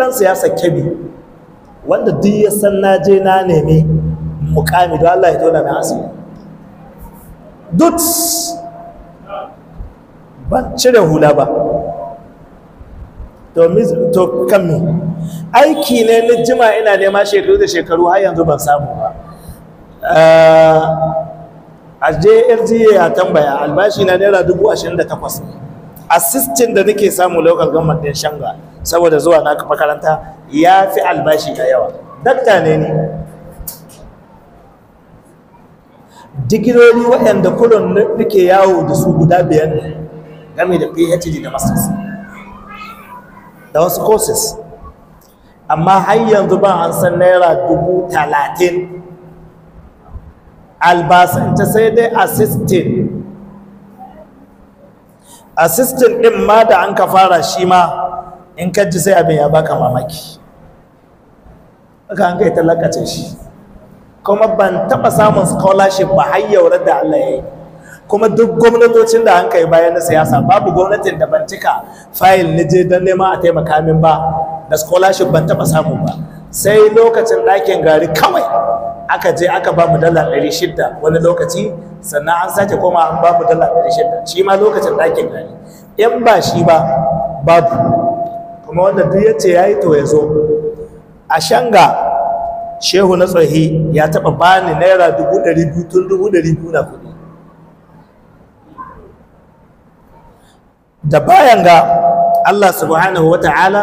ɗan siyasa kebi wanda duk ya san na je na nemi mukami don Allah ya tona na asiri dut ban cire hula ba to kan mi aiki ne na jima ina nema shekaru da shekaru har yanzu ban samu ba ah, a jrga a tambaya albashi na naira dubu ashirin da takwas assistin da nake samu local government din shanga saboda zuwa na makaranta ya fi albashi da yawa dakta ne ne digirori waɗanda kudin nake yawo da su guda biyar game da phd da masters da wasu courses amma har yanzu ba an san naira dubu talatin ta sai dai assistin assistin ɗin ma da an ka fara shi ma in ka ji sai abin ya baka mamaki haka kai shi kuma ban taba samun scholarship ba har yaure da Allah ya yi kuma duk gwamnatocin da an kai bayan na siyasa babu gwamnatin da ban cika fayil na je don nema a taimaka min ba da scholarship ban taba samu ba sai lokacin ɗakin gari kawai aka je aka ba mu dala ɗari wani lokaci sannan an sake koma an ba mu dala ɗari shi ma lokacin ɗakin gari in ba shi ba babu kuma wanda duk ya ce ya yi to ya zo a shanga shehu na tsohi ya taɓa bani naira dubu ɗari tun dubu ɗari biyu na kuɗi da bayan ga allah subhanahu wa ta'ala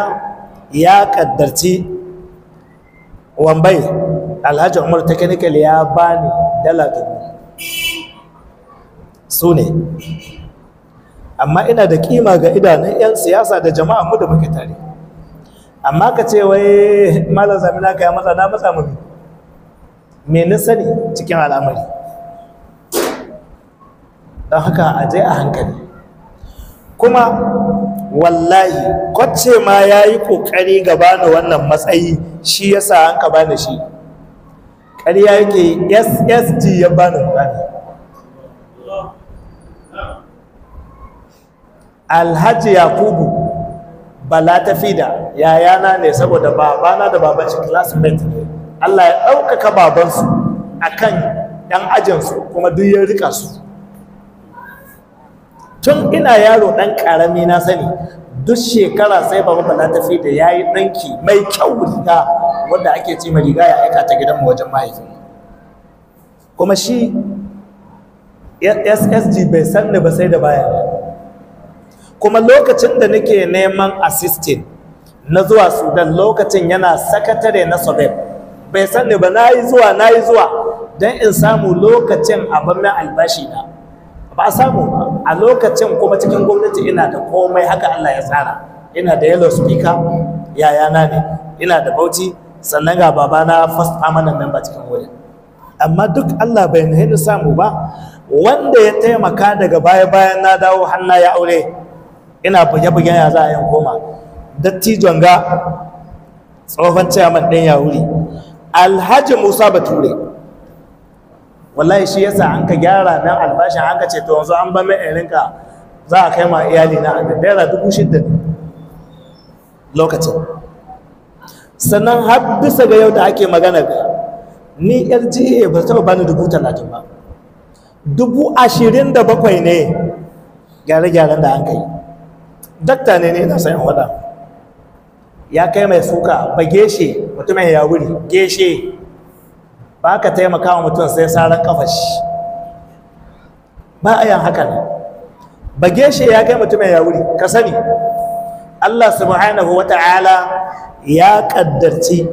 ya ƙaddarci wambai alhaji umar technical ya bani dala dubu su ne amma ina da kima ga idanun 'yan siyasa da jama'a mu da muke tare amma ka ce wai malam zamina ka ya matsa na matsa mu me na cikin al'amari don haka a je a hankali kuma wallahi kwace ma ya yi ƙoƙari gaba da wannan matsayi shi ya sa an ka bani shi ƙarya yake ssg ya bani bani alhaji yakubu bala ta fi da yayana ne saboda babana da baban classmate ne allah ya ɗaukaka babansu a kan ‘yan ajinsu kuma duk ya rika su tun ina yaro ɗan ƙarami na sani duk shekara sai baba bala ta fi da ya yi ɗanki mai kyau riga wanda ake ce mai riga ya aika ta gidanmu wajen mahaifi kuma shi ssg bai san ni ba sai da baya kuma lokacin da nake neman assistant na zuwa sudan lokacin yana sakatare na sobeb bai sani ba na yi zuwa na yi zuwa don in samu lokacin abin albashi na ba samu ba a lokacin kuma cikin gwamnati ina da komai haka allah ya tsara ina da yellow speaker yayana ne ina da bauchi sannan ga babana first permanent member cikin wurin amma duk Allah bai nahini samu ba wanda ya taimaka daga baya bayan na dawo hanna ya aure ina buge-bugen ya za a yin koma dattijon ga tsohon ciyaman ɗin wuri alhaji musa bature wallahi shi yasa an ka gyara nan albashin an ka ce to yanzu an ba mai irinka za a kai ma iyali na a naira dubu shidda lokacin sannan har bisa ga yau da ake magana ga ni yar jihe ba taɓa bani dubu talatin ba dubu ashirin da bakwai ne gyare-gyaren da an kai dakta ne ne na sayan wada ya kai mai suka ba geshe mutumin ya wuri geshe ba ka taimaka wa mutum sai saran kafashi ba a yan hakan ba geshe ya kai mutumin ya wuri ka sani Allah subhanahu wa ta'ala ya kaddarci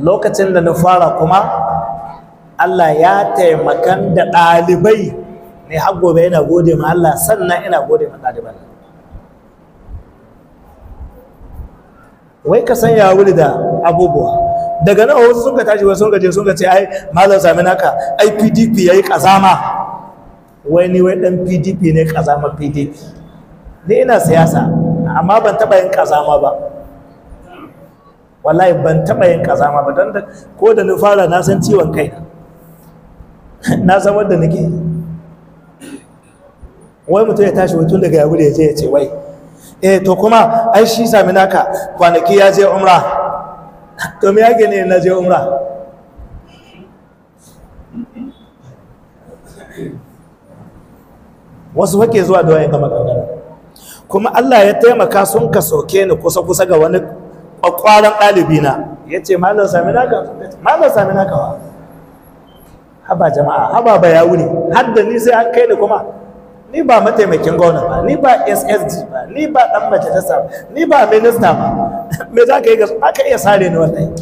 lokacin da na fara kuma Allah ya taimakan da ɗalibai ne har gobe yana gode ma Allah sannan ina gode ma ɗaliban wai ka sanya wuri da abubuwa daga nan wasu sun ka tashi wasu sun ka je sun ka ce ai malam sami naka ai pdp ya yi kazama wai ni wai ɗan pdp ne kazama pdp ni ina siyasa amma ban taɓa yin kazama ba wallahi ban taɓa yin kazama ba don ko da ni fara na san ciwon kai na san wadda nake wai mutum ya tashi mutum daga yabu ya je ya ce wai eh to kuma ai shi sami naka kwanaki ya je umra to me yake ne na je umra wasu fake zuwa da wani gama gangara kuma Allah ya taimaka sun ka soke ni kusa kusa ga wani kwakwaran ɗalibi na ya ce malar sami naka malar sami naka wa haba jama'a haba ba ya wuni hadda ni sai an kai ni kuma ni ba mataimakin gwamna ba ni ba ssg ba ni ba dan majalisa ba ni ba minista ba me za ka yi gasu aka iya sare ni wallahi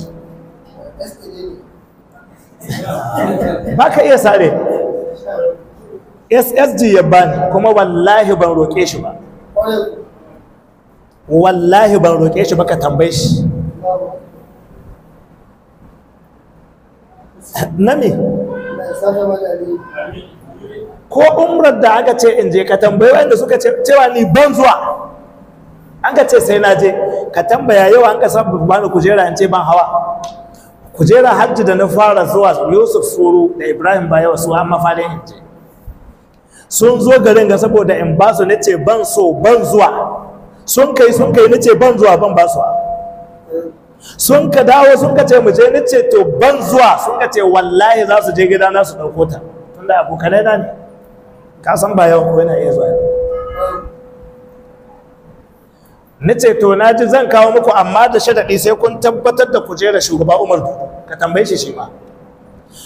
ba ka iya sare ssg ya bani kuma wallahi ban roƙe shi ba wallahi ban roƙe shi ba ka tambaye shi na me? ko umrar da aka ce in je ka tambayi wanda suka ce cewa ni ban zuwa an ka ce sai na je ka tambaya yau an kasa bani kujera in ce ban hawa kujera hajji da na fara zuwa yusuf suru da ibrahim ba yawa su amma in je sun zo garin ga saboda in ba su nace ban so ban zuwa sun kai sun kai nace ban zuwa ban ba su sun ka dawo sun ka ce mu je nace to ban zuwa sun ka ce wallahi za su je gida na su dauko ta tunda abokanai na ne ka san ba kuwa na iya zuwa ni ce to na ji zan kawo muku amma da shadaɗi sai kun tabbatar da kujera shugaba umar ka tambaye shi shi ma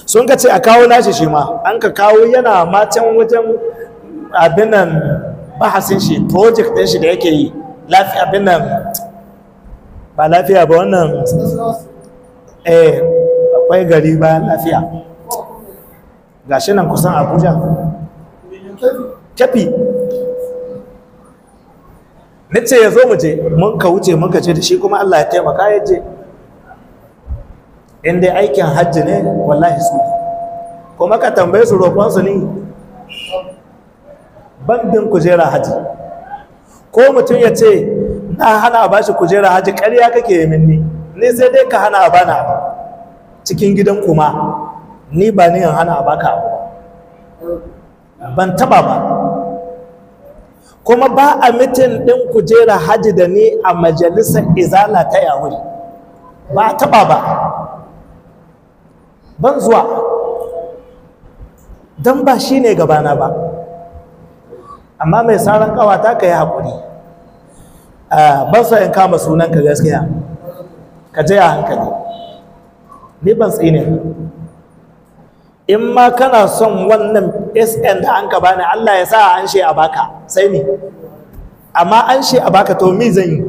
sun ka ce a kawo nashi shi ma an ka kawo yana matan wajen abin nan bahasin shi project ɗin shi da yake yi lafiya abin nan ba lafiya ba wannan eh akwai gari bayan lafiya gashi nan kusan abuja tafi na ce ya zo mu je mun ka wuce mun ka ce da shi kuma Allah ya taimaka ya je Inda aikin hajji ne wallahi su kuma ka tambaye su roƙonsu ne bandin kujera hajji ko mutum ya ce na hana a bashi kujera hajji ƙarya kake yi minni ni sai dai ka hana a bana cikin gidan kuma ni ba ni hana a baka abu ba ban taba ba kuma ba a mitin ɗin kujera haji da ni a majalisar izala ta yawuri ba a taba ba ban zuwa don ba shi ne gabana ba amma mai saran kawata ka yi haƙuri ban so in kama sunanka gaskiya ka je a hankali ni ban tsine in ma kana son wannan sn da an ka bani allah ya sa an shi a baka sai ni amma an shi a baka to mi zan yi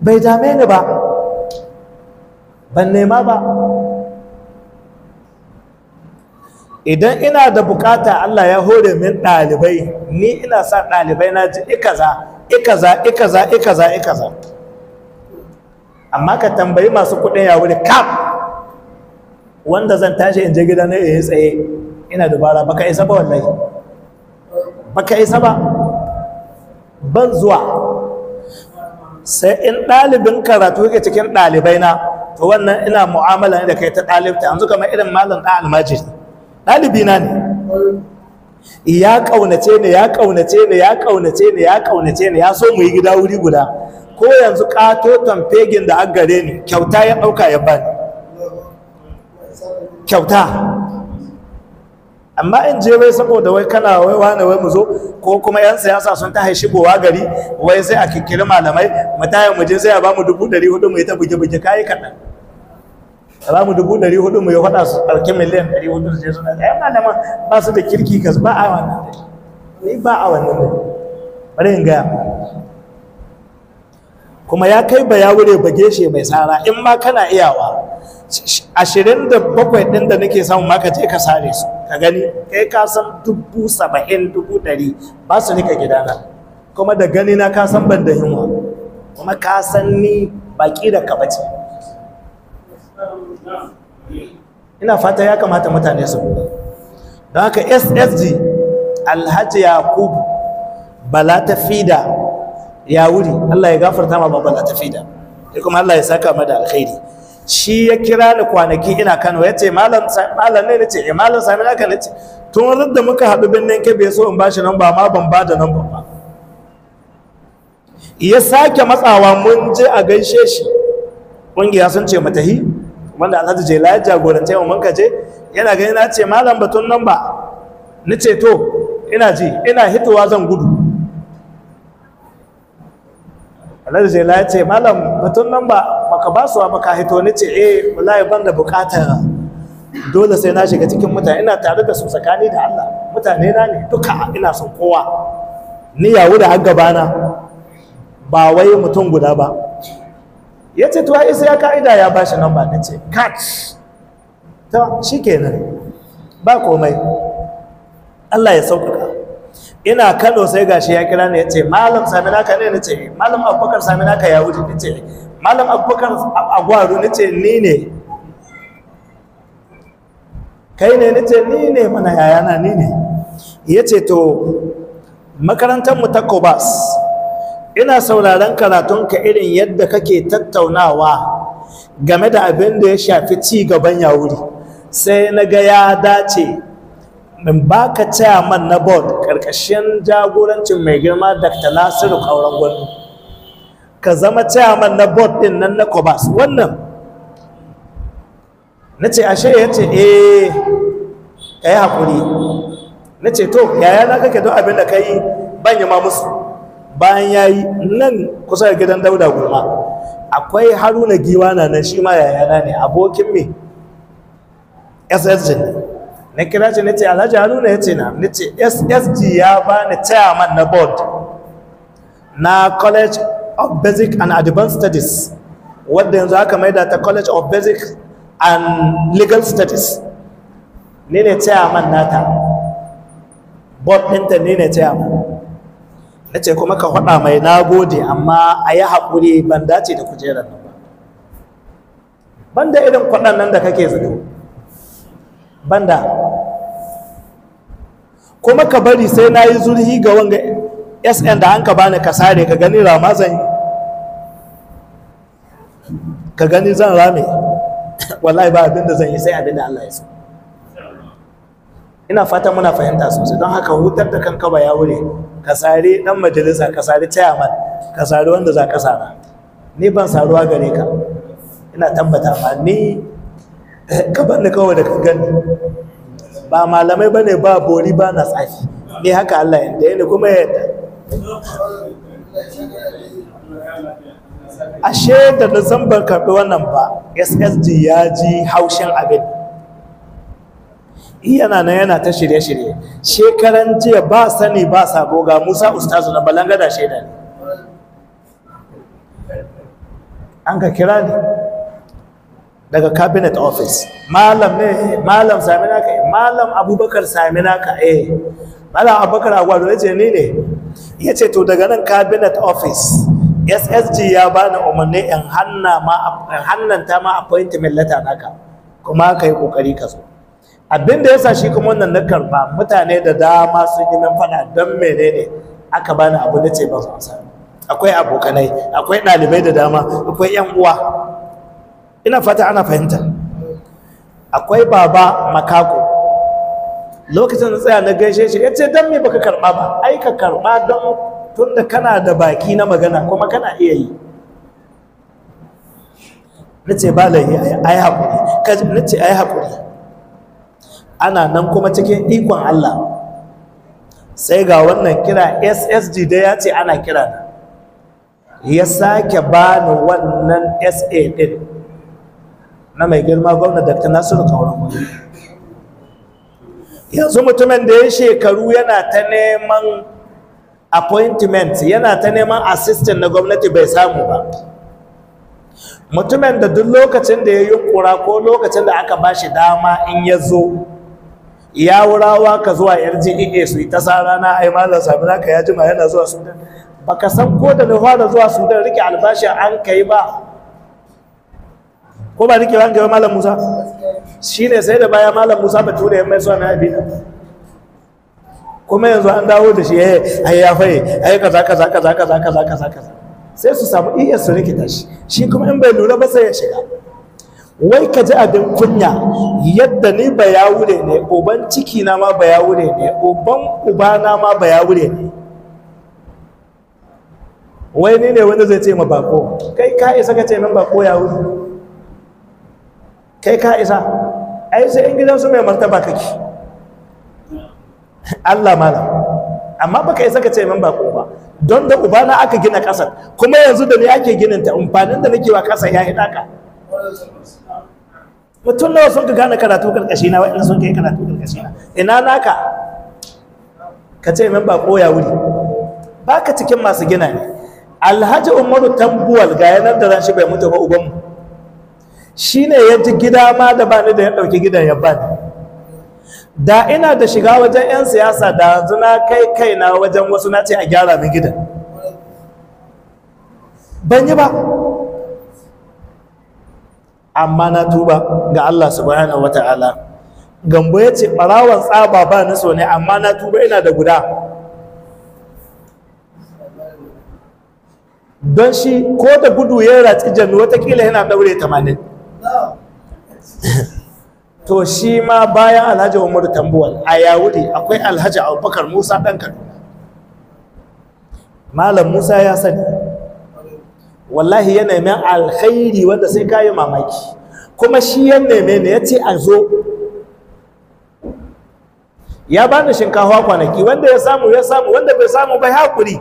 bai dame ni ba ban nema ba idan ina da bukata allah ya hore min ɗalibai ni ina sa ɗalibai na ji ikaza ikaza ikaza ikaza ikaza amma ka tambayi masu kuɗin ya wuri kaf wanda zan tashi in je gida na yi tsaye ina dubara baka isa ba wallahi baka isa ba ban zuwa sai in ɗalibin karatu yake cikin ɗalibai na to wannan ina mu'amala da kai ta ɗalibta yanzu kamar irin malam ɗan almajiri ɗalibi na ne ya ƙaunace ne ya ƙaunace ne ya ƙaunace ne ya ƙaunace ne ya so mu yi gida wuri guda ko yanzu ƙatoton fegin da an gare ni kyauta ya ɗauka ya bani kyauta amma in je wai saboda wai kana wai wane wai mu zo ko kuma yan siyasa sun ta haishi gowa gari wai sai a kikkiri malamai mu taya mu je sai a bamu dubu ɗari hudu mu yi ta buge buge kayi kaɗan a bamu dubu ɗari hudu mu yi faɗa su ɗauki miliyan ɗari hudu su je suna ɗaya malama ba su da kirki kas ba a wannan ne ba a wannan bari in gaya kuma ya kai ba ya wure bageshe mai tsara in ma kana iyawa ashirin da bakwai ɗin da nake samu ma ka je ka sare su ka gani kai ka san dubu saba'in dubu ɗari ba su nika gidana kuma da gani na ka san ban da yunwa kuma ka san ni baki da ka bace ina fata ya kamata mutane su don haka ssg alhaji yakubu bala ta fida ya wuri Allah ya gafarta ma babban tafida da kuma Allah ya saka ma da alkhairi shi ya kira da kwanaki ina Kano ya ce malam malam ne ce. eh malam sami aka ce. tun da muka haɗu birnin Kebbi so in bashi nan ba ma ban ba da nan ba ya sake matsawa mun je a gaishe shi ƙungiya sun ce matahi wanda Alhaji je ya jagorance mu mun ka je yana gani na ce malam batun nan ba ni ce to ina ji ina hitowa zan gudu alhaji jela ya ce malam mutum nan ba maka ba su ka hito ni ce eh wallahi ban da bukata dole sai na shiga cikin mutane ina tare da su tsakani da Allah mutane na ne duka ina son kowa ni har gaba gabana ba wai mutum guda ba ya ce tuwa isa ya ka'ida ya ba shi namba na ce kat ta shi kenan ba komai Allah ya sauƙaƙa ina kano sai gashi ya kira ne ya ce malam sami naka ne na ce malam abubakar sami naka ya wuce ni ce malam abubakar agwaru ni ce ni ne kai ne ni ce ni ne mana yayana ni ne ya ce to makarantar mu ta kobas ina sauraron karatunka irin yadda kake tattaunawa game da abin da ya shafi ci gaban yawuri sai na ga ya dace in ba baka chairman na board karkashin jagorancin mai girma Dr. Nasiru Kauran Gwani ka zama chairman na board din nan na Kobas wannan ce ashe yace eh kai hakuri ce to yaya na kake don abin da ka yi ban yi ma musu bayan ya yi. nan kusa da gidan Dauda Gulma akwai Haruna Giwana nan shi ma yaya na ne abokin me ssg ne na kira shi na ce alhaji haruna ya ce na na ce ssg ya bani chairman na board na college of basic and advanced studies wadda yanzu aka maida ta college of basic and legal studies ni ne chairman nata board ɗinta ni ne chairman na ce kuma ka hada mai na gode amma a yi haƙuri ban dace da kujerar nan ba ban da irin kwaɗannan da kake zato banda kuma ka bari sai na yi zurhi ga wanga sn da an ka bani ka sare ka gani rama zan yi ka gani zan rame wallahi ba abin zan yi sai abin Allah ya so ina fata muna fahimta sosai don haka hutar da kanka ba ya wuri ka sare dan majalisa ka sare chairman ka sare wanda za ka sara ni ban saruwa gare ka ina tabbata ba ni gaban da kawai da ka gani ba malamai ba ne ba bori ba na tsafi ne haka Allah yadda yana kuma yadda ashe da na zamban karɓi wannan ba ssd ya ji haushin abin yana nan yana ta shirye-shirye shekaran jiya ba sani ba sabo ga musa ustazu na balangada shaidar an ka kira ne daga cabinet office malam ne malam samina ka malam abubakar samina ka eh malam abubakar eh. agwado ya ce ni ne ya ce to daga nan cabinet office ssg ya bani umarni in hannanta ma appointment letter naka kuma ka yi kokari ka zo abin da ya sa shi kuma wannan na karba mutane da dama sun yi min fada don menene aka bani abu na ce ba su akwai abokanai akwai ɗalibai da dama akwai yan uwa ina fata ana fahimta akwai baba makako lokacin da tsaya na gaishe shi ya ce don me baka karɓa ba ai ka karɓa don tunda kana da baki na magana kuma kana iya yi na ce ba laifi a yi haƙuri na ce a yi haƙuri ana nan kuma cikin ikon Allah sai ga wannan kira ssd da ya ce ana kira ya sake bani wannan sa ɗin na mai girma gwamna dr nasiru kauran wani yanzu mutumin da ya shekaru yana ta neman appointment yana ta neman assistant na gwamnati bai samu ba mutumin da duk lokacin da ya yi kura ko lokacin da aka ba shi dama in ya zo ya wurawa ka zuwa rga e su yi ta sa rana ai malam sami ka ya jima yana zuwa sudan baka san ko da na fara zuwa sudan rike albashin an kai ba ko ba nake rangawa malam musa shi ne sai da baya malam musa ba tura yamma mai suwa na abin kuma yanzu an dawo da shi ya eh, yi ya faye ya yi kaza kaza kaza kaza kaza kaza kaza sai su samu iya e su rike shi shi kuma in bai lura ba sai ya shiga wai ka ji abin kunya yadda ni ba ya wure ne uban ciki na ma ba ya wure ne uban uba na ma ba ya wure ne wai ni ne wanda zai ce ma bako kai ka isa ka ce min bako ya wuri kai ka isa ai sai in gidansu mai martaba kake Allah malam amma baka isa ka ce min bako ba don da ubana aka gina kasar kuma yanzu da ni ake ginin ta umfanin da nake wa kasar ya hida ka mutum nawa sun ka gane karatu karkashi na wa'in sun kai karatu karkashi na ina naka ka ce min bako ya wuri baka cikin masu gina ne alhaji umaru tambuwal ga yanar da ran shi bai mutu ba ubanmu shi ne ya ji gida ma da bani da ya ɗauki gidan ya bani da ina da shiga wajen 'yan siyasa da yanzu na kai kaina wajen wasu na ce a gyara min gidan ban yi ba amma na tuba ga Allah subhanahu wa ta'ala gambo ya ce ɓarawan tsaba ba na so ne amma na tuba ina da guda don shi ko da gudu ya ratsi jannu watakila yana daure 80 to shi ma bayan alhaji umaru tambuwal a Yahudi akwai alhaji abubakar musa ɗan malam musa ya sani wallahi ya neme alkhairi wanda sai kayi mamaki kuma shi ya neme ne ya ce a zo ya bani shinkafa kwanaki wanda ya samu ya samu wanda bai samu bai haƙuri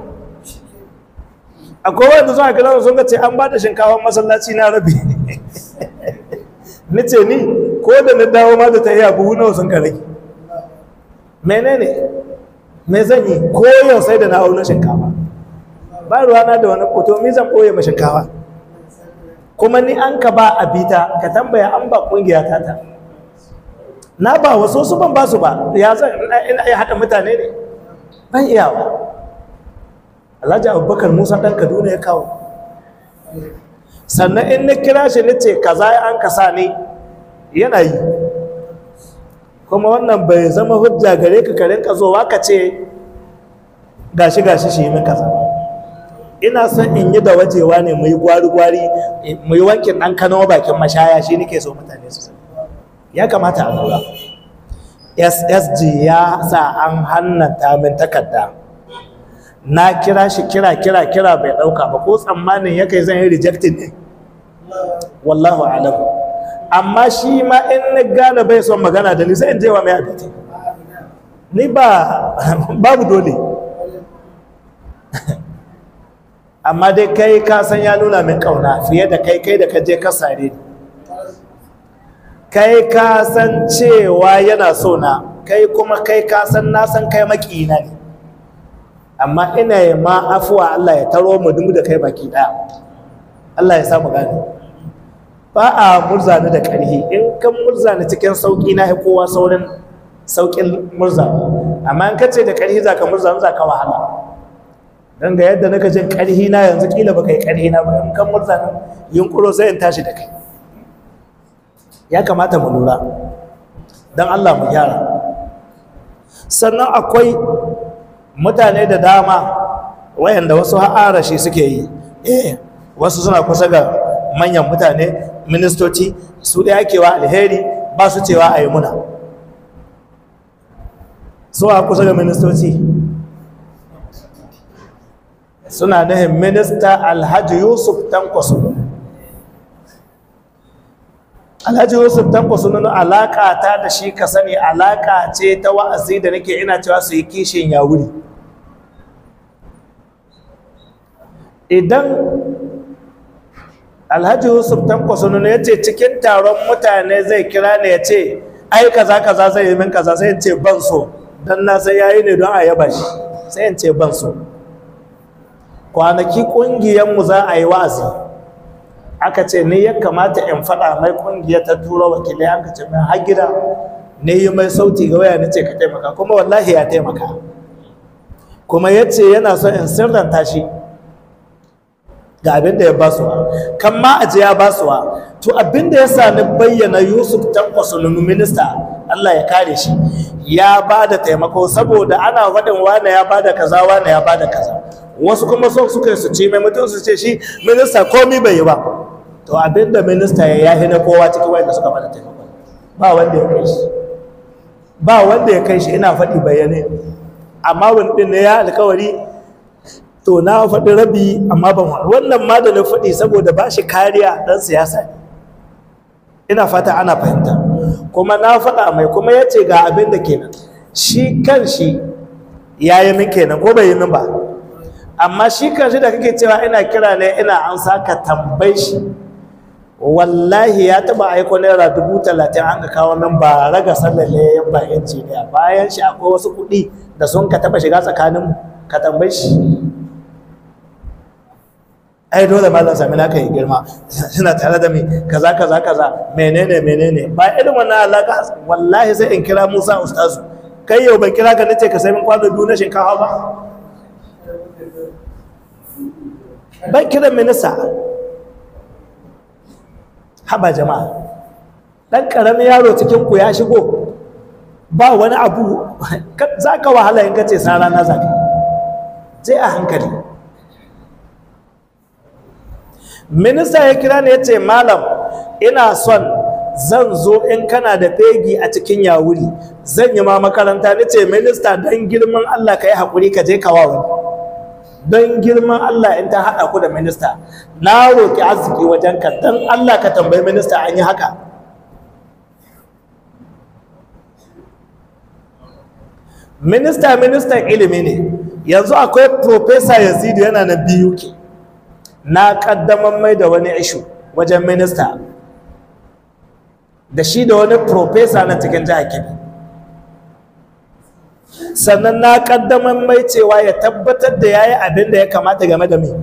akwai wanda zuwa gina sun ga ce an ba da shinkafa masallaci na rabi ni ce ni ko da na dawo ma da ta iya buhu na wasan karage menene me zan yi koyon sai da na auna shinkawa ba na da wani koto mi zan koya ma shinkawa. kuma ni an ka ba a bita ka tambaya an ba kungiya ta ta na ba wasu su ban ba su ba ya zan ina iya haɗa mutane ne ban iyawa alhaji abubakar musa ɗan kaduna ya kawo sannan in na kira shi ni ce kaza an sa ne yana yi kuma wannan bai zama hujja gare ka ka zo waka ka ce gashi gashi shi min kaza ina son in yi da wajewa ne mu yi gwari gwari mu wankin ɗan kano bakin mashaya shi nike so mutane su ya kamata a lura ssg ya sa an hannanta min takarda na kira shi kira kira kira bai ɗauka ba ko tsammanin ya kai zan yi rejectin ne wallahu alamu amma shi ma in na gane bai son magana da ni sai in je mai abiti ni ba babu dole amma dai kai ka san ya nuna min kauna fiye da kai kai da ka je ka sare kai ka san cewa yana so na kai kuma kai ka san na san kai makina ne amma ina yi ma afuwa Allah ya taro mu dumu da kai baki ɗaya Allah ya samu gani ba a murzani da ƙarhi in kan murzani cikin sauƙi na kowa saurin sauƙin murza, amma in kace da ƙarhi murza murzani ka wahala don ga yadda naka jin ƙarhi na yanzu ba ka yi ƙarhi na ba in kan murzani yunƙuro sai in tashi da kai ya kamata mu lura don Allah mu gyara sannan akwai mutane da dama wayanda wasu ha'arashi suke yi eh wasu suna kusa ga manyan mutane ministoci su ɗaya wa alheri ba su cewa a yi muna a kusa da ministoci suna nahin minista alhaji yusuf tankwaso alhaji yusuf tankwaso nuna alaƙa ta da shi ka sani alaƙa ce ta wa'azi da nake ina cewa su yi kishin ya wuri idan alhaji yusuf tanko sunu ya ce cikin taron mutane zai kira ne ya ce ai kaza kaza zai yi min kaza sai in ce ban so dan na sai yayi ne don a yaba shi sai in ce ban so kwanaki mu za a yi wa'azi aka ce ni ya kamata in faɗa mai kungiya ta turo wakilai aka ce mai har gida ne yi mai sauti ga waya nace ka taimaka kuma wallahi ya taimaka kuma yace yana so in sirranta shi ga abin da ya ba su kan ma aje ya ba su to abin da ya sami bayyana yusuf tankwasulun minista allah ya kare shi ya ba da taimako saboda ana faɗin wane ya ba da kaza wane ya ba da kaza wasu kuma so suka su ce mai mutum su ce shi minista komi bai yi ba to abin da minista ya yi na kowa cikin wanda suka ba da taimako ba wanda ya kai shi ba wanda ya kai shi ina faɗi bayyane amma wani ɗin ne ya alkawari to na faɗi rabi amma ban wannan ma da na faɗi saboda ba shi kariya ɗan siyasa ina fata ana fahimta kuma na faɗa mai kuma ya ce ga abin da kenan shi kan shi ya yi min kenan ko bai yi min ba amma shi kan shi da kake cewa ina kira ne ina an ka tambayi shi wallahi ya taɓa aiko naira dubu talatin an ka kawo nan ba raga sallale ba injiniya bayan shi akwai wasu kuɗi da sun ka taɓa shiga tsakanin ka tambayi shi ai dole malam sami naka yi girma suna tare da mai kaza kaza kaza menene menene ba irin wannan alaka wallahi sai in kira musa ustazu kai yau ban kira ka nace ka sai min kwano biyu na shinkafa ba ban kira minista haba jama'a dan karamin yaro cikin ku ya shigo ba wani abu za ka wahala in ka ce rana na zaka je a hankali minista ya kira ne ya ce malam ina son zan zo in kana da fegi a cikin yawuri zan yi ma makaranta ne, ce minista don girman allah ka yi haƙuri ka je kawa wani don girman allah in ta haɗa ku da minista na roƙi arziki wajen ka don allah ka tambayi minista an yi haka minista ministan ilimi ne yanzu akwai profesa yazidu yana na biyu ke na ƙaddamar mai da wani ishu wajen minista da shi da wani profesa na cikin jihar kebbi sannan na kaddamar mai cewa ya tabbatar da ya yi abin da ya kamata game da mai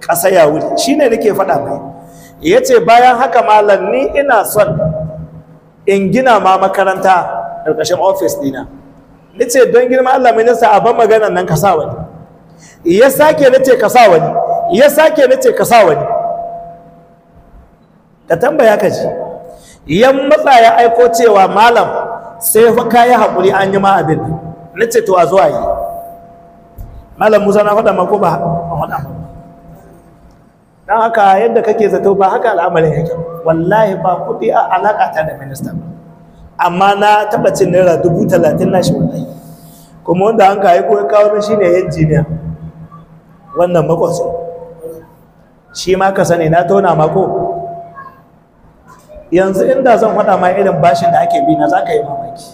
ƙasa ya wuri shi ne nake faɗa mai ya ce bayan haka malam ni ina son in gina ma makaranta ƙarƙashin ofis dina ni ce don girma allah minista a ban maganan nan ka sa wani ya sake ni ce ka sa wani ya sake na ce ka sa wani ka tambaya ka ji yan matsa ya aiko cewa malam sai fa kayi haƙuri an yi ma abin na ce to a zuwa yi malam musa na faɗa mako ba faɗa don haka yadda kake zato ba haka al'amarin yake wallahi ba kuɗi a alaƙa ta da minista amma na taɓa cin naira dubu talatin na shi wallahi kuma wanda an ka aiko ya kawo min shine injiniya wannan makwasu shi ma ka sani na tona mako yanzu inda zan faɗa ma irin bashin da ake bi na za ka yi mamaki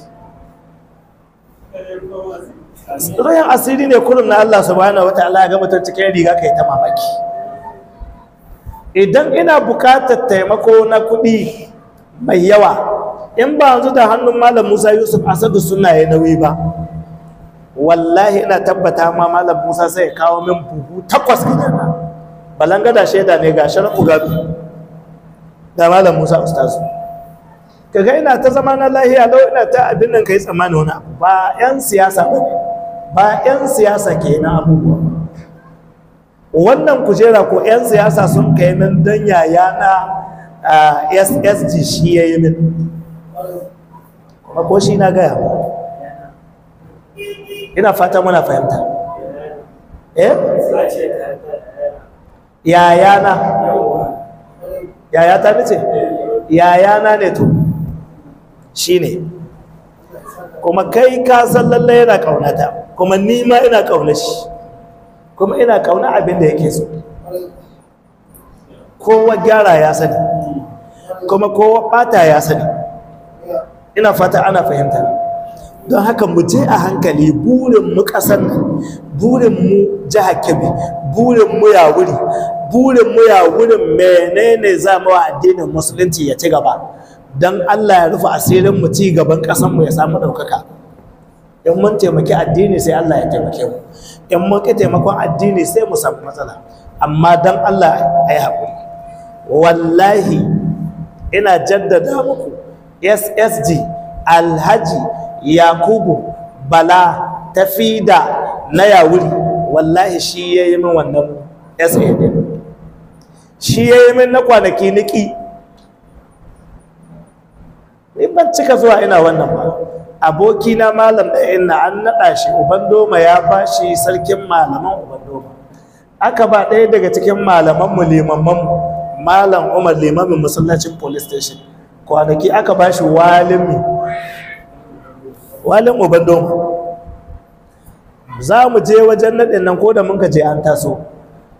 rayan asiri ne kullum na Allah subhanahu wa ta'ala ga mutum cikin riga ka yi ta mamaki idan ina bukatar taimako na kuɗi mai yawa in ba yanzu da hannun malam Musa Yusuf Asadu suna ya nauyi ba wallahi ina tabbata ma malam Musa sai ya kawo min buhu takwas gidana Balanga da shaida ne ga sharku gabi da malam musa ustazu kaga ina ta zama na lahiya lau ina ta abin nan kai tsammani wani abu ba yan siyasa ba ba yan siyasa ke na abubuwa wannan kujera ko yan siyasa sun kai min don yaya na ssg shi ya yi min kuma ko shi na gaya ba ina fata muna fahimta eh yayana yayata ta yayana ne to shine kuma kai ka san lallai yana kaunata kuma nima ma ina kauna shi kuma ina kauna abin da yake so kowa gyara ya sani kuma kowa bata ya sani ina fata ana fahimta don haka mu je a hankali burin mu ƙasar nan burin mu jihar kebbi burin mu ya wuri burin mu ya wurin menene za mu addinin musulunci ya ci gaba don Allah ya rufe asirin mu ci gaban ƙasar mu ya samu ɗaukaka in mun taimaki addini sai Allah ya taimake mu in mun ka taimakon addini sai mu samu matsala amma don Allah ya yi haƙuri wallahi ina jaddada muku SSG Alhaji yakubu bala tafida na yawuri wallahi shi ya yi min wannan sad shi ya yi min na kwanaki niki in ban cika zuwa ina wannan ba abokina malam ɗaya na an naɗa shi uban doma ya ba shi sarkin malaman uban doma aka ba ɗaya daga cikin malamanmu limamanmu malam umar limamin masallacin police station kwanaki aka ba shi walimi. walin obando za mu je wajen naɗin nan ko da mun ka je an taso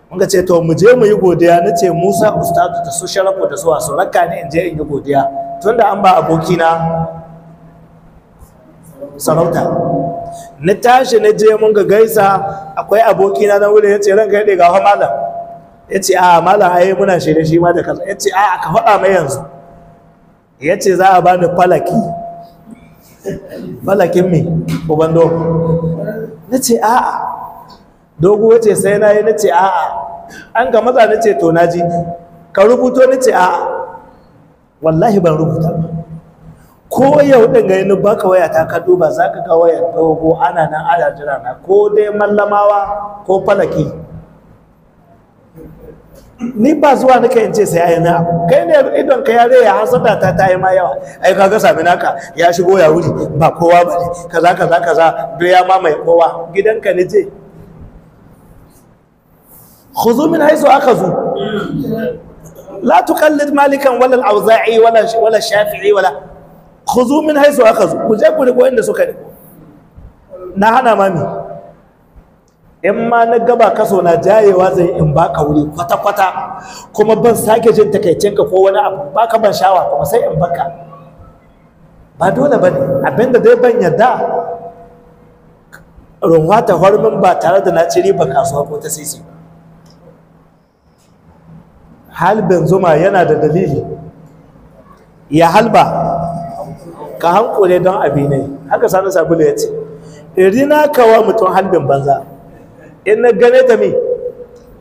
mun ka ce to mu je mu yi godiya na ce musa ustadu ta su sharafu da zuwa su rakka ne in je in yi godiya tun da an ba abokina sarauta na tashi na je mun ga gaisa akwai abokina na wuri ya ce ranka ya ɗiga malam ya ce a malam ayi muna shirye shi ma da kasa ya ce a ka faɗa mai yanzu ya ce za a bani falaki falakin mi ubando? na ce a'a dogo ce sai na yi na ce a'a an ga maza na ce to na ji ka rubuto na ce a'a wallahi ban rubuta ba ko yau ɗin ga yi baka waya ta ka duba za ka ga wayar dogo ana nan ana jira na ko dai mallamawa ko falaki ni ba zuwa nake in ce sai ai na kai ne idon ka yare ya hasada ta ta yi ma yawa ai ka sami naka ya shigo ya wuri ba kowa ba ne kaza kaza kaza duk ya mai kowa gidanka ne je khuzu min haisu zo? la tuqallid malikan wala al-awza'i wala wala shafi'i wala khuzu min haisu zo? ku je ku riko inda suka riko na hana mami in ma na gaba kaso na jayewa zai in baka wuri kwata-kwata kuma ban sake jin takaicinka ko wani abu baka ban shawa kuma sai in baka ba dole ba ne abinda dai ban yadda runwa ta hormin ba tare da na ci riba kasuwa ko ta sisi ba halbin zuma yana da dalili ya halba ka hankule don abi ne haka sani sabulu ya ce irina kawa mutum halbin banza in na gane ta mi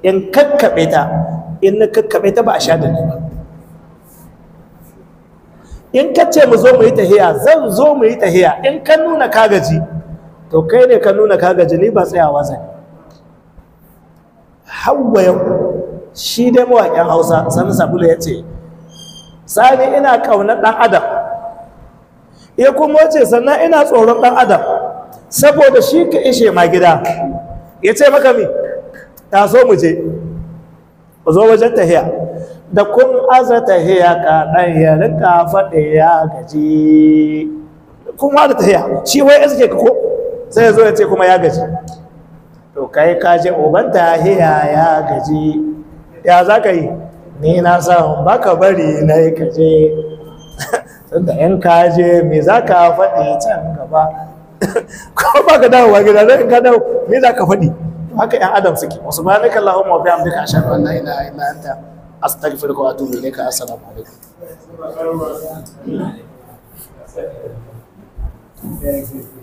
in kakkaɓe ta in na kakkaɓe ta ba a sha da ni ba in ka ce mu zo mu yi tahiya zan zo mu yi tahiya in ka nuna kagaji to kai ne ka nuna kagaji ni ba tsayawa zan hawa yau shi dai mawaƙin hausa sani sabula ya ce sani ina ƙaunar ɗan adam ya kuma ce sannan ina tsoron ɗan adam saboda shi ka ishe ma gida ya ce maka mi so mu je ku zo wajen tahiya da kun aza tahiya ka dan ya rika faɗi ya gaji kun wada tahiya shi wai ya suke ko sai ya zo ya ce kuma ya gaji to kai ka je uban tahiya ya gaji ya za ka yi ni na san baka bari na yi kaje tunda in je me za ka faɗi can gaba ko ba ka dawowa gida dan ka dawo me za ka faɗi haka ƴan adam suke subhanaka allahumma wa bihamdika ashhadu an la ilaha illa anta na wa atubu assalamu alaikum Thank you.